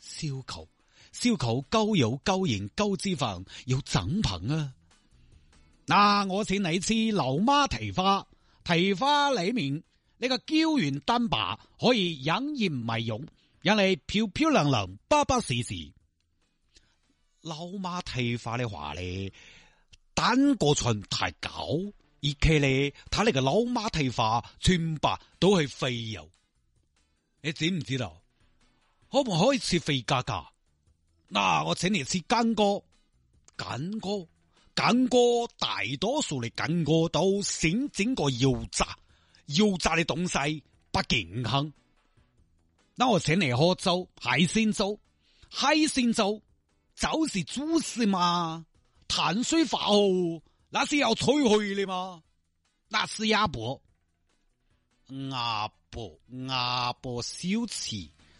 燒球、燒球、高油高鹽高脂肪，要怎品啊？嗱，我請你吃老媽蹄花，蹄花裏面呢個膠原蛋白可以養顏美容，引你漂漂亮亮、巴巴似似。老媽蹄花的話呢，膽固醇太高，一克呢，睇你個老媽蹄花全白都係肥油，你知唔知道？可唔可以食肥嘎嘎？嗱，我請你食乾鍋，乾鍋，乾鍋。大多數嘅乾鍋都先整過油炸，油炸嘅東西不健康。那我請你喝粥，海鮮粥，海鮮粥，粥是主食嘛？碳水化合物那是要吹去的嘛？那是鴨脖，鴨脖，鴨脖少吃。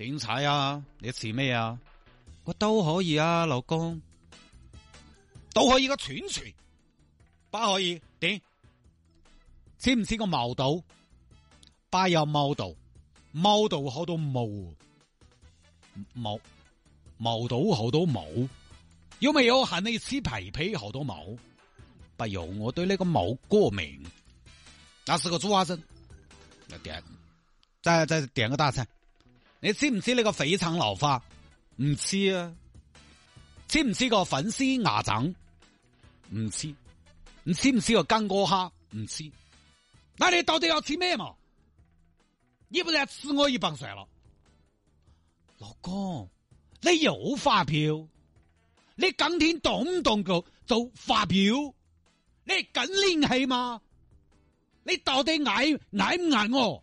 點菜啊！你食咩啊？我都可以啊，老公都可以個串串，不可以點？似唔似個毛豆？白有毛豆，毛豆好多毛毛毛豆好多毛，有沒有喊你食皮皮好多毛？不有我對呢個毛過敏，那是個煮花生，點？再再點個大餐。你知唔知你個肥腸流花？唔知啊！知唔知個粉絲鴨掌？唔知。唔知唔知個乾鍋蝦？唔知。那你到底要錢咩？嘛，你不然辭我一棒算了。老公，你有發票？你今天動唔動夠做發票？你緊練氣嗎？你到底愛愛唔愛我？